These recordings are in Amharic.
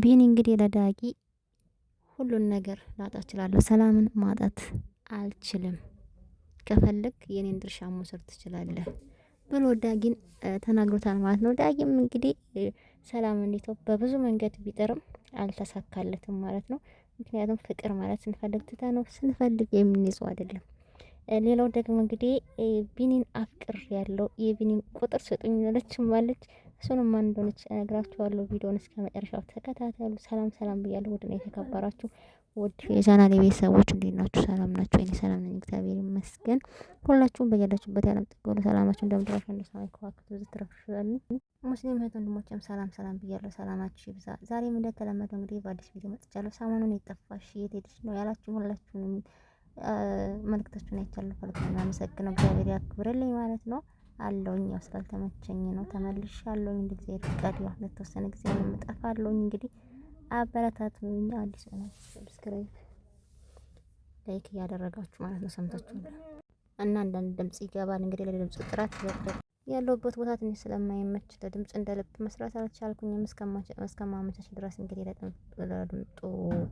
ቢኒ እንግዲህ ለዳጊ ሁሉን ነገር ላጣ እችላለሁ፣ ሰላምን ማጣት አልችልም፣ ከፈለግ የኔን ድርሻ መውሰድ ትችላለህ ብሎ ዳጊን ተናግሮታል ማለት ነው። ዳጊም እንግዲህ ሰላም እንዲተው በብዙ መንገድ ቢጠርም አልተሳካለትም ማለት ነው። ምክንያቱም ፍቅር ማለት ስንፈልግ ትተ ነው ስንፈልግ የምንይዘው አይደለም። ሌላው ደግሞ እንግዲህ ቢኒን አፍቅር ያለው የቢኒን ቁጥር ስጡኝ አለች እሱንም ማን እንደሆነች እነግራችኋለሁ። ቪዲዮውን እስከ መጨረሻው ተከታተሉ። ሰላም ሰላም ብያለሁ። ውድና የተከበራችሁ ውድ የቻናሌ ቤተሰቦች እንዴት ናችሁ? ሰላም ናችሁ? እኔ ሰላም ነኝ፣ እግዚአብሔር ይመስገን። ሁላችሁም በያላችሁበት ያለም ጥቅሉ ሰላማችሁ እንደምትረፍ እንደሰማይ ከዋክብት ብዙ ትረፍሽበል። ሙስሊም እህት ወንድሞችም ሰላም ሰላም ብያለሁ፣ ሰላማችሁ ይብዛ። ዛሬም እንደተለመደው እንግዲህ በአዲስ ቪዲዮ መጥቻለሁ። ሰሞኑን የጠፋሽ የት ሄድሽ ነው ያላችሁ ሁላችሁንም መልክታችሁን አይቻለሁ። ፈለግና አመሰግነው እግዚአብሔር ያክብርልኝ ማለት ነው። አለውኝ። ያው ስላልተመቸኝ ነው ተመልሼ አለውኝ። እንደ ጊዜ ፍቃድ ያው ለተወሰነ ጊዜ የምጠፋ አለውኝ። እንግዲህ አበረታቱኝ። አዲስ ሆነ ሰብስክራይብ፣ ላይክ እያደረጋችሁ ማለት ነው። ሰምታችኋል እና አንዳንድ ድምጽ ይገባል። እንግዲህ ለድምጽ ጥራት ይወጣል ያለውበት ቦታ ትንሽ ስለማይመች ለድምፅ እንደ ልብ መስራት አልቻልኩኝም። እስከማመቻች ድረስ እንግዲህ ለድምጡ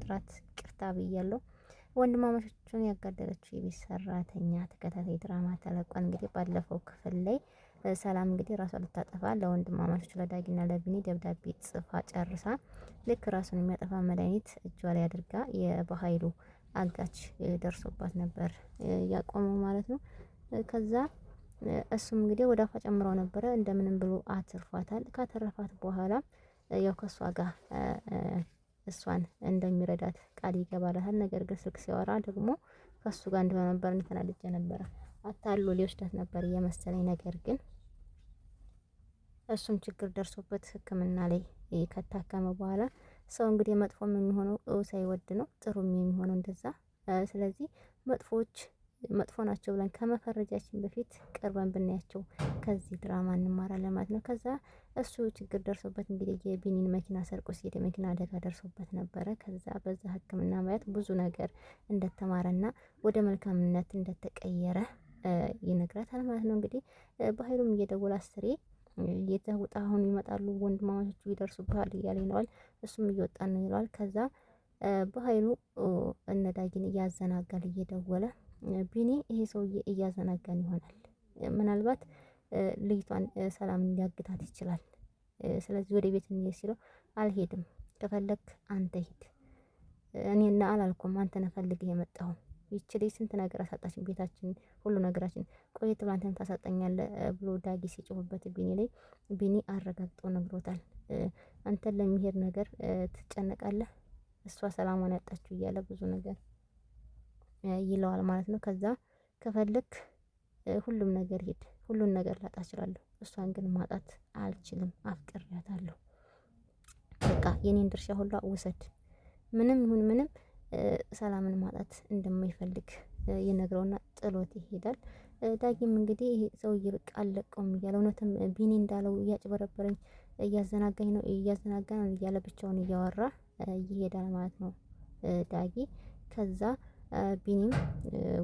ጥራት ቅርታ ብያለሁ። ወንድማማቾቹን ያጋደለችው የቤት ሰራተኛ ተከታታይ ድራማ ተለቋል። እንግዲህ ባለፈው ክፍል ላይ ሰላም እንግዲህ ራሷ ልታጠፋ ለወንድማማቾቹ ለዳጊና ለቢኒ ደብዳቤ ጽፋ ጨርሳ ልክ ራሱን የሚያጠፋ መድኃኒት እጇ ላይ አድርጋ የበሀይሉ አጋች ደርሶባት ነበር ያቆመው ማለት ነው። ከዛ እሱም እንግዲህ ወደ አፏ ጨምረው ነበረ እንደምንም ብሎ አትርፏታል። ካተረፋት በኋላ ያው ከእሷ ጋር እሷን እንደሚረዳት ቃል ይገባላታል። ነገር ግን ስልክ ሲያወራ ደግሞ ከሱ ጋር እንደሆነ ነበር ተናድጄ ነበረ። አታሎ ሊወስዳት ነበር የመሰለኝ። ነገር ግን እሱም ችግር ደርሶበት ሕክምና ላይ ከታከመ በኋላ ሰው እንግዲህ መጥፎም የሚሆነው ሳይወድ ነው፣ ጥሩም የሚሆነው እንደዛ። ስለዚህ መጥፎዎች መጥፎ ናቸው ብለን ከመፈረጃችን በፊት ቅርበን ብናያቸው ከዚህ ድራማ እንማራለን ማለት ነው። ከዛ እሱ ችግር ደርሶበት እንግዲህ የቢኒን መኪና ሰርቆ ሲሄድ የመኪና አደጋ ደርሶበት ነበረ። ከዛ በዛ ሕክምና ማለት ብዙ ነገር እንደተማረና ወደ መልካምነት እንደተቀየረ ይነግራታል ማለት ነው። እንግዲህ በሀይሉም እየደወለ አስሬ እየተውጣ አሁን ይመጣሉ ወንድማማቾቹ ይደርሱብሃል እያለ ይለዋል። እሱም እየወጣ ነው ይለዋል። ከዛ በሀይሉ እነዳጊን እያዘናጋል እየደወለ ቢኒ ይሄ ሰውዬ እያዘናጋን ይሆናል። ምናልባት ልጅቷን ሰላም ሊያግታት ይችላል። ስለዚህ ወደ ቤት እንሄድ ሲለው አልሄድም፣ ከፈለግ አንተ ሂድ። እኔና አላልኩም አንተ ነፈልግ የመጣሁ ይች ልጅ ስንት ነገር አሳጣችን፣ ቤታችን፣ ሁሉ ነገራችን። ቆየት ብላ አንተን ታሳጣኛለህ ብሎ ዳጊ ሲጮህበት ቢኒ ላይ ቢኒ አረጋግጦ ነግሮታል። አንተን ለሚሄድ ነገር ትጨነቃለህ፣ እሷ ሰላሟን ያጣችው እያለ ብዙ ነገር ይለዋል ማለት ነው። ከዛ ከፈለክ ሁሉም ነገር ሄድ፣ ሁሉን ነገር ላጣ እችላለሁ፣ እሷን ግን ማጣት አልችልም፣ አፍቅሬያታለሁ። በቃ የኔን ድርሻ ሁሉ ውሰድ፣ ምንም ይሁን ምንም ሰላምን ማጣት እንደማይፈልግ ይነግረውና ጥሎት ይሄዳል። ዳጊም እንግዲህ ይሄ ሰውዬ በቃ አልለቀውም እያለ እውነትም ቢኒ እንዳለው እያጭበረበረኝ እያዘናጋኝ ነው እያዘናጋ ነው እያለ ብቻውን እያወራ ይሄዳል ማለት ነው ዳጊ ከዛ ቢኒም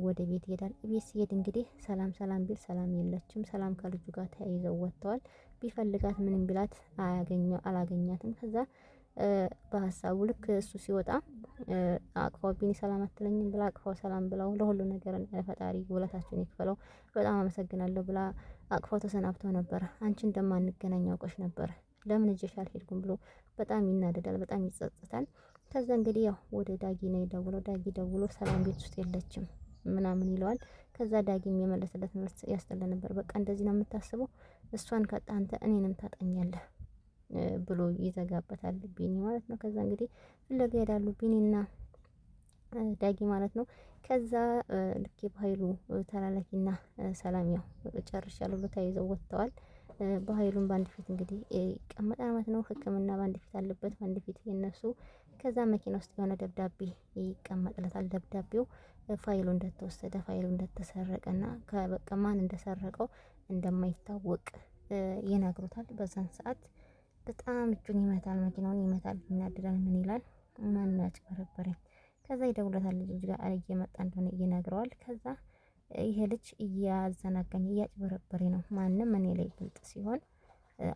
ወደ ቤት ይሄዳል። ቤት ሲሄድ እንግዲህ ሰላም ሰላም ቢል ሰላም የለችም። ሰላም ከልጁ ጋር ተያይዘው ወጥተዋል። ቢፈልጋት ምንም ቢላት አላገኛትም። ከዛ በሀሳቡ ልክ እሱ ሲወጣ አቅፋው ቢኒ ሰላም አትለኝም ብላ አቅፋው ሰላም ብለው ለሁሉ ነገር ፈጣሪ ውለታችን ይክፈለው በጣም አመሰግናለሁ ብላ አቅፋው ተሰናብተው ነበረ። አንቺ እንደማንገናኝ አውቀሽ ነበረ ለምን እጀሽ አልሄድኩም ብሎ በጣም ይናደዳል፣ በጣም ይጸጽታል። ከዛ እንግዲህ ያው ወደ ዳጊ ነው የደውለው። ዳጊ ደውሎ ሰላም ቤት ውስጥ የለችም ምናምን ይለዋል። ከዛ ዳጊ የመለሰለት መልስ ያስጠላ ነበር። በቃ እንደዚህ ነው የምታስበው፣ እሷን ካጣ አንተ እኔንም ታጣኛለህ ብሎ ይዘጋበታል ቢኒ ማለት ነው። ከዛ እንግዲህ ፍለጋ ይሄዳሉ ቢኒና ዳጊ ማለት ነው። ከዛ ልክ በሀይሉ ተላላኪና ሰላም ያው ጨርሻለሁ ብሎ ተያይዘው ወጥተዋል። በሀይሉን በአንድ ፊት እንግዲህ ይቀመጣል ማለት ነው። ህክምና በአንድ ፊት አለበት፣ በአንድ ፊት የነሱ። ከዛ መኪና ውስጥ የሆነ ደብዳቤ ይቀመጥለታል። ደብዳቤው ፋይሉ እንደተወሰደ ፋይሉ እንደተሰረቀና ከበቃ ማን እንደሰረቀው እንደማይታወቅ ይነግሩታል። በዛን ሰዓት በጣም እጁን ይመታል፣ መኪናውን ይመታል፣ ይናደዳል። ምን ይላል ማን ያጭበረበረኝ? ከዛ ይደውለታል ልጅ ጋር እየመጣ እንደሆነ ይነግረዋል። ከዛ ይሄ ልጅ እያዘናጋኝ እያጭበረበሬ ነው። ማንም እኔ ላይ ብልጥ ሲሆን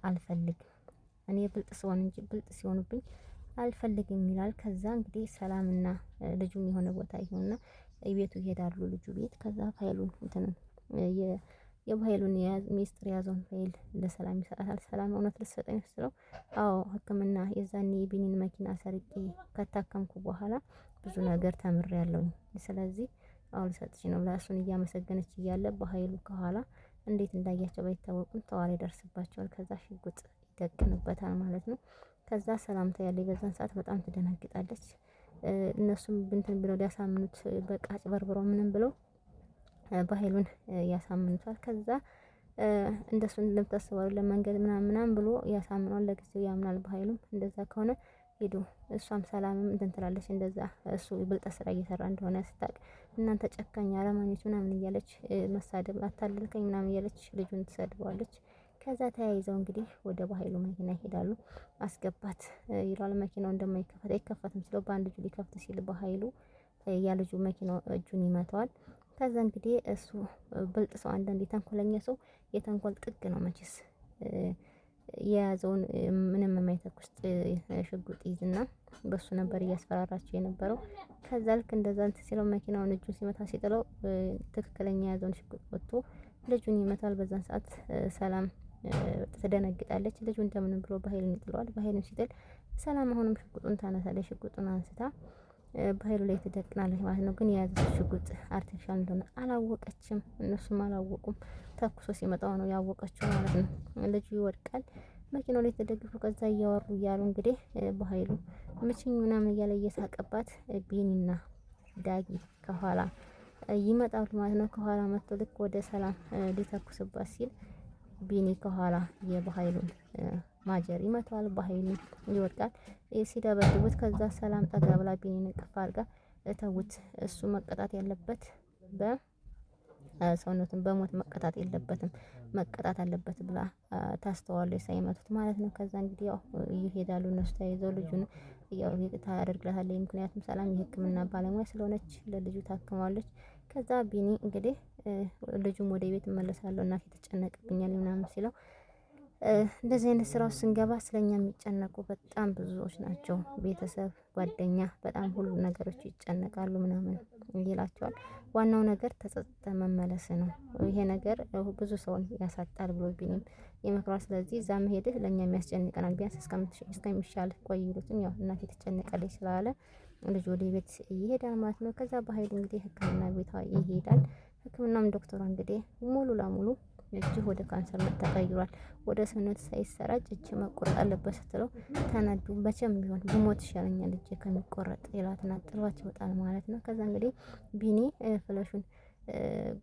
አልፈልግም። እኔ ብልጥ ሲሆን እንጂ ብልጥ ሲሆኑብኝ አልፈልግም ይላል። ከዛ እንግዲህ ሰላምና ልጁም የሆነ ቦታ ይሁንና ቤቱ ይሄዳሉ። ልጁ ቤት ከዛ ፋይሉን እንትን የፋይሉን ሚስጥር የያዘውን ፋይል ለሰላም ይሰጣታል። ሰላም እውነት ልትሰጠኝ ስለው አዎ ሕክምና የዛኔ የቢኒን መኪና ሰርቄ ከታከምኩ በኋላ ብዙ ነገር ተምሬያለሁ። ስለዚህ አሁን ሰጥሽ ነው ብላ እያመሰገነች እያለ በኃይሉ ከኋላ እንዴት እንዳያቸው ባይታወቁም ተዋር ይደርስባቸዋል። ከዛ ሽጉጥ ይደቅንበታል ማለት ነው። ከዛ ሰላምታ ያለ በዛን ሰዓት በጣም ትደነግጣለች። እነሱም ብንትን ብለው ሊያሳምኑት በቃ አጭበርብረው ምንም ብለው በኃይሉን ያሳምኑታል። ከዛ እንደሱ እንደምታስባሉ ለመንገድ ምናምን ምናምን ብሎ ያሳምኗል። ለጊዜው ያምናል። በኃይሉም እንደዛ ከሆነ ሄዱ እሷም ሰላምም እንትን ትላለች። እንደዛ እሱ ብልጠ ስራ እየሰራ እንደሆነ ስታውቅ እናንተ ጨካኝ አረመኔዎች ምናምን እያለች መሳደብ አታለልከኝ ምናምን እያለች ልጁን ትሰድበዋለች። ከዛ ተያይዘው እንግዲህ ወደ ባህሉ መኪና ይሄዳሉ። አስገባት ይሏል። መኪናው እንደማይከፈት አይከፈትም ሲለው በአንድ እጁ ሊከፍት ሲል በሀይሉ ያ ልጁ መኪናው እጁን ይመታዋል። ከዛ እንግዲህ እሱ ብልጥ ሰው፣ አንዳንድ የተንኮለኛ ሰው የተንኮል ጥግ ነው መቼስ የያዘውን ምንም የማይተኩስ ሽጉጥ ይዝና በሱ ነበር እያስፈራራቸው የነበረው። ከዛ ልክ እንደዛ እንትን ሲለው መኪናውን እጁን ሲመታ ሲጥለው ትክክለኛ የያዘውን ሽጉጥ ወጥቶ ልጁን ይመታል። በዛን ሰዓት ሰላም ትደነግጣለች። ልጁ እንደምን ብሎ ባህልን ይጥለዋል። በኃይልም ሲጥል ሰላም አሁንም ሽጉጡን ታነሳለች። ሽጉጡን አንስታ በኃይሉ ላይ ትደቅናለች ማለት ነው። ግን የያዘች ሽጉጥ አርቲፊሻል እንደሆነ አላወቀችም፣ እነሱም አላወቁም። ተኩሶ ሲመጣው ነው ያወቀችው ማለት ነው። ልጁ ይወድቃል መኪናው ላይ ተደግፎ፣ ከዛ እያወሩ እያሉ እንግዲህ በኃይሉ ምችኝ ምናምን እያለ እየሳቀባት ቢኒና ዳጊ ከኋላ ይመጣሉ ማለት ነው። ከኋላ መጥቶ ልክ ወደ ሰላም ሊተኩስባት ሲል ቢኒ ከኋላ የባሀይሉን ማጀር ይመታዋል። ባህይሉን ይወድቃል። ሲደበድቡት ከዛ ሰላም ጠጋ ብላ ቢኒን እቅፍ አድርጋ እተውት፣ እሱ መቀጣት ያለበት በሰውነቱን በሞት መቀጣት የለበትም መቀጣት አለበት ብላ ታስተዋሉ፣ ሳይመቱት ማለት ነው። ከዛ እንግዲህ ያው ይሄዳሉ እነሱ ተያይዘው ልጁን ያው ታደርግላታለች። ምክንያቱም ሰላም የህክምና ባለሙያ ስለሆነች ለልጁ ታክማለች። ከዛ ቢኒ እንግዲህ ልጁም ወደ ቤት እመለሳለሁ እናት ትጨነቅብኛል ምናምን ሲለው እንደዚህ አይነት ስራ ውስጥ ስንገባ ስለኛ የሚጨነቁ በጣም ብዙዎች ናቸው። ቤተሰብ፣ ጓደኛ፣ በጣም ሁሉ ነገሮች ይጨነቃሉ ምናምን ይላቸዋል። ዋናው ነገር ተጸጥተ መመለስ ነው። ይሄ ነገር ብዙ ሰውን ያሳጣል ብሎ ቢኒም ይመክሯል። ስለዚህ እዛ መሄድህ ለእኛ የሚያስጨንቀናል ቢያንስ እስከሚሻል ቆይ ይሉትም ያው እናት ትጨነቀለች ስላለ ልጅ ወደ ቤት ይሄዳል ማለት ነው። ከዛ በሀይል እንግዲህ ሕክምና ቤቷ ይሄዳል። ሕክምናም ዶክተሯ እንግዲህ ሙሉ ለሙሉ እጅ ወደ ካንሰር ተቀይሯል፣ ወደ ሰውነት ሳይሰራጭ እጅ መቆረጥ አለበት ስትለው ተናዱ። መቼም ቢሆን ብሞት ይሻለኛል እጅ ከሚቆረጥ ይላትና ጥሏት ይወጣል ማለት ነው። ከዛ እንግዲህ ቢኒ ፍለሹን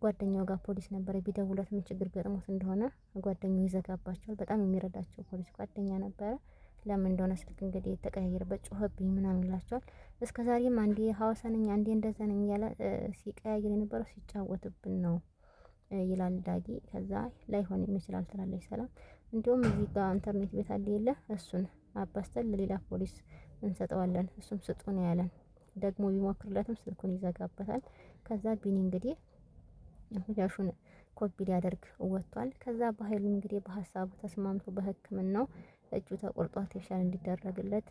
ጓደኛው ጋር ፖሊስ ነበረ ቢደውለት ምን ችግር ገጥሞት እንደሆነ ጓደኛው ይዘጋባቸዋል። በጣም የሚረዳቸው ፖሊስ ጓደኛ ነበረ። ለምን እንደሆነ ስልክ እንግዲህ የተቀያየረበት ጮኸብኝ ምናምን ይላቸዋል። እስከ ዛሬም አንዴ ሀዋሳ ነኝ አንዴ እንደዛ ነኝ እያለ ሲቀያየር የነበረው ሲጫወትብን ነው ይላል ዳጊ። ከዛ ላይሆን ይችላል ትላለች ሰላም። እንዲሁም እዚህ ጋር ኢንተርኔት ቤት አለ የለ እሱን አባስተን ለሌላ ፖሊስ እንሰጠዋለን እሱም ስጡን ያለን ደግሞ ቢሞክርለትም ስልኩን ይዘጋበታል። ከዛ ቢኒ እንግዲህ ያሹን ኮፒ ሊያደርግ ወጥቷል። ከዛ በሀይሉ እንግዲህ በሀሳቡ ተስማምቶ ነው እጁ ተቆርጦ ፌሻል እንዲደረግለት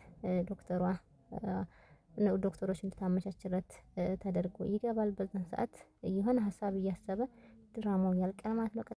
ዶክተሯ ነው ዶክተሮች እንድታመቻችለት ተደርጎ ይገባል። በዛን ሰዓት የሆነ ሀሳብ እያሰበ ድራማው ያልቃል ማለት ነው።